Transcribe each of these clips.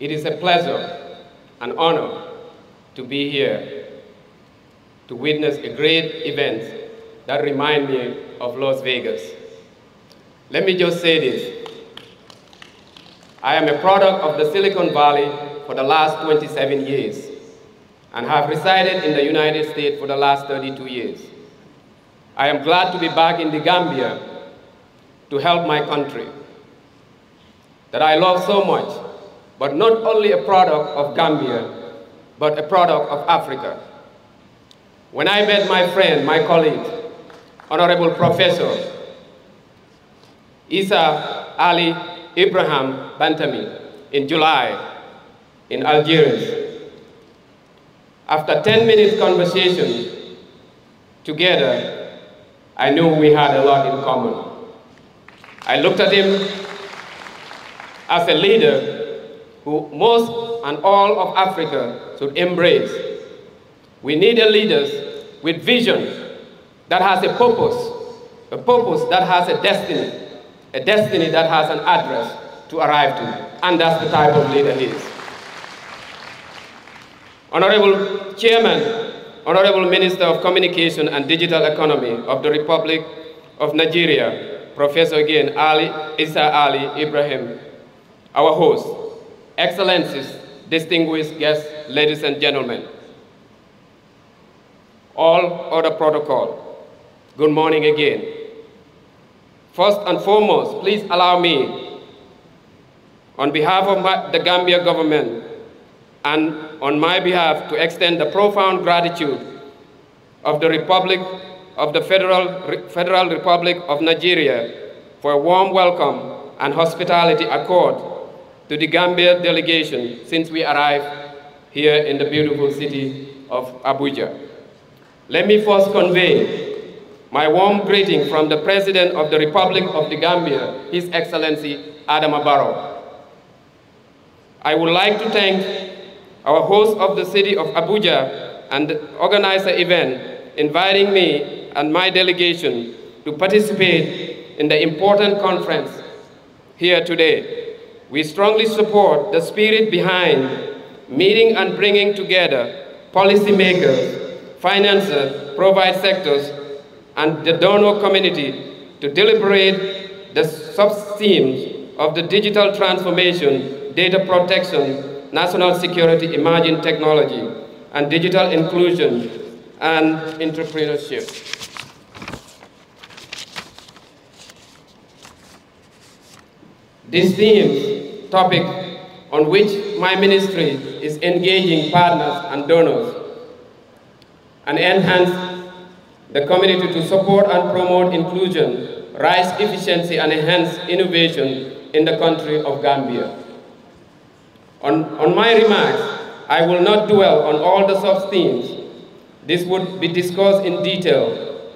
It is a pleasure, an honor to be here to witness a great event that reminds me of Las Vegas. Let me just say this. I am a product of the Silicon Valley for the last 27 years and have resided in the United States for the last 32 years. I am glad to be back in the Gambia to help my country that I love so much but not only a product of Gambia, but a product of Africa. When I met my friend, my colleague, Honorable Professor Isa Ali Ibrahim Bantami in July in Algeria, after 10 minutes conversation together, I knew we had a lot in common. I looked at him as a leader who most and all of Africa should embrace. We need a leaders with vision that has a purpose, a purpose that has a destiny, a destiny that has an address to arrive to, and that's the type of leader he is. Honorable Chairman, Honorable Minister of Communication and Digital Economy of the Republic of Nigeria, Professor again Ali Isa Ali Ibrahim, our host, Excellencies, distinguished guests, ladies and gentlemen, all other protocol, good morning again. First and foremost, please allow me, on behalf of my, the Gambia government and on my behalf, to extend the profound gratitude of the Republic of the Federal, Federal Republic of Nigeria for a warm welcome and hospitality accord to the Gambia delegation since we arrived here in the beautiful city of Abuja. Let me first convey my warm greeting from the President of the Republic of the Gambia, His Excellency Adam Barrow. I would like to thank our host of the city of Abuja and organizer event inviting me and my delegation to participate in the important conference here today. We strongly support the spirit behind meeting and bringing together policymakers, financiers, provide sectors, and the donor community to deliberate the sub-themes of the digital transformation, data protection, national security, emerging technology, and digital inclusion and entrepreneurship. This theme topic on which my ministry is engaging partners and donors and enhance the community to support and promote inclusion, rise efficiency and enhance innovation in the country of Gambia. On, on my remarks, I will not dwell on all the sub-themes. This would be discussed in detail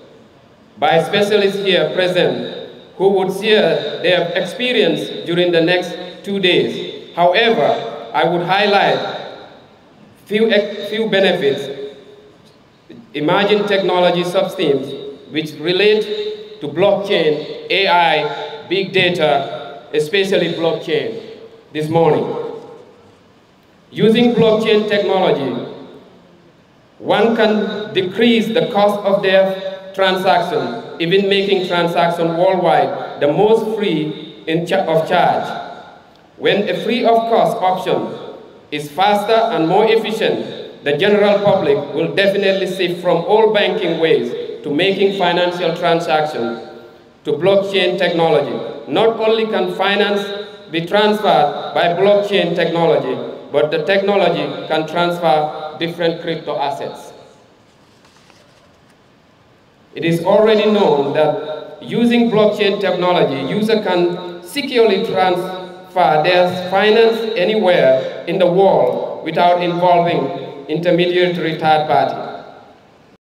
by specialists here present who would share their experience during the next two days. However, I would highlight few, few benefits Imagine technology sub-themes which relate to blockchain, AI, big data, especially blockchain this morning. Using blockchain technology, one can decrease the cost of their transaction even making transactions worldwide the most free in of charge. When a free of cost option is faster and more efficient, the general public will definitely shift from all banking ways to making financial transactions to blockchain technology. Not only can finance be transferred by blockchain technology, but the technology can transfer different crypto assets. It is already known that using blockchain technology, user can securely transfer their finance anywhere in the world without involving intermediary third party.